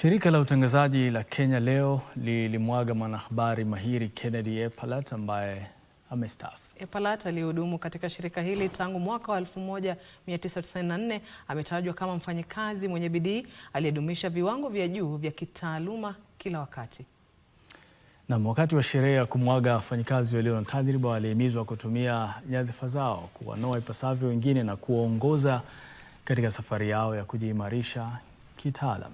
Shirika la utangazaji la Kenya leo lilimwaga mwanahabari mahiri Kennedy Epalat ambaye amestaafu. Epalat aliyehudumu katika shirika hili tangu mwaka wa 1994 ametajwa kama mfanyikazi mwenye bidii aliyedumisha viwango vya juu vya kitaaluma kila wakati. Nam, wakati wa sherehe ya kumwaga wafanyikazi walio na tajriba walihimizwa kutumia nyadhifa zao kuwanoa ipasavyo wengine na kuwaongoza katika safari yao ya kujiimarisha kitaalam.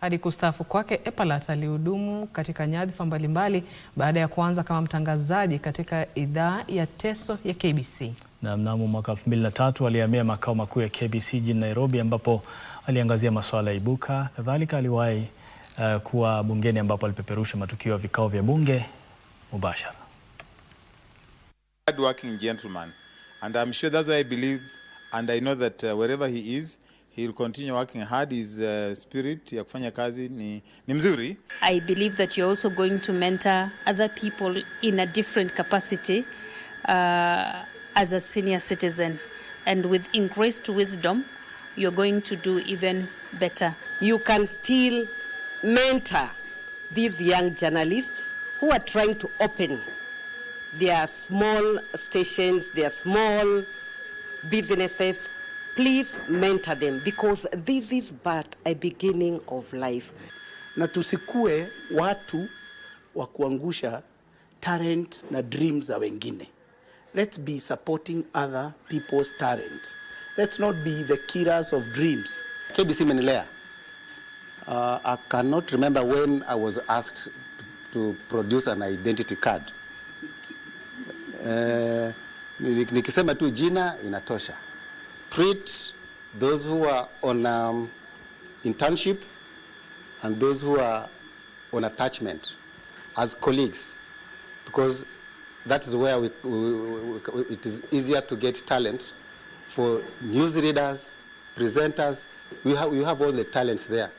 Hadi kustaafu kwake, epalat alihudumu katika nyadhifa mbalimbali baada ya kuanza kama mtangazaji katika idhaa ya Teso ya KBC. Na mnamo mwaka 2003 alihamia makao makuu ya KBC jijini Nairobi ambapo aliangazia masuala ya ibuka. Kadhalika aliwahi uh, kuwa bungeni ambapo alipeperusha matukio ya vikao vya bunge mubashara. Hard working gentleman and I'm sure that's why I believe and I know that uh, wherever he is he'll continue working hard. His uh, spirit ya kufanya kazi ni, ni mzuri. I believe that you're also going to mentor other people in a different capacity uh, as a senior citizen and with increased wisdom you're going to do even better. You can still mentor these young journalists who are trying to open their small stations, their small businesses Please mentor them because this is but a beginning of life. Na tusikue watu wa kuangusha talent na dreams za wengine. Let's be supporting other people's talent. Let's not be the killers of dreams. KBC Menilea. Uh, I cannot remember when I was asked to produce an identity card. Uh, nikisema tu jina inatosha. treat those who are on um, internship and those who are on attachment as colleagues because that is where we, we, we, it is easier to get talent for news readers, presenters. We have, we have all the talents there.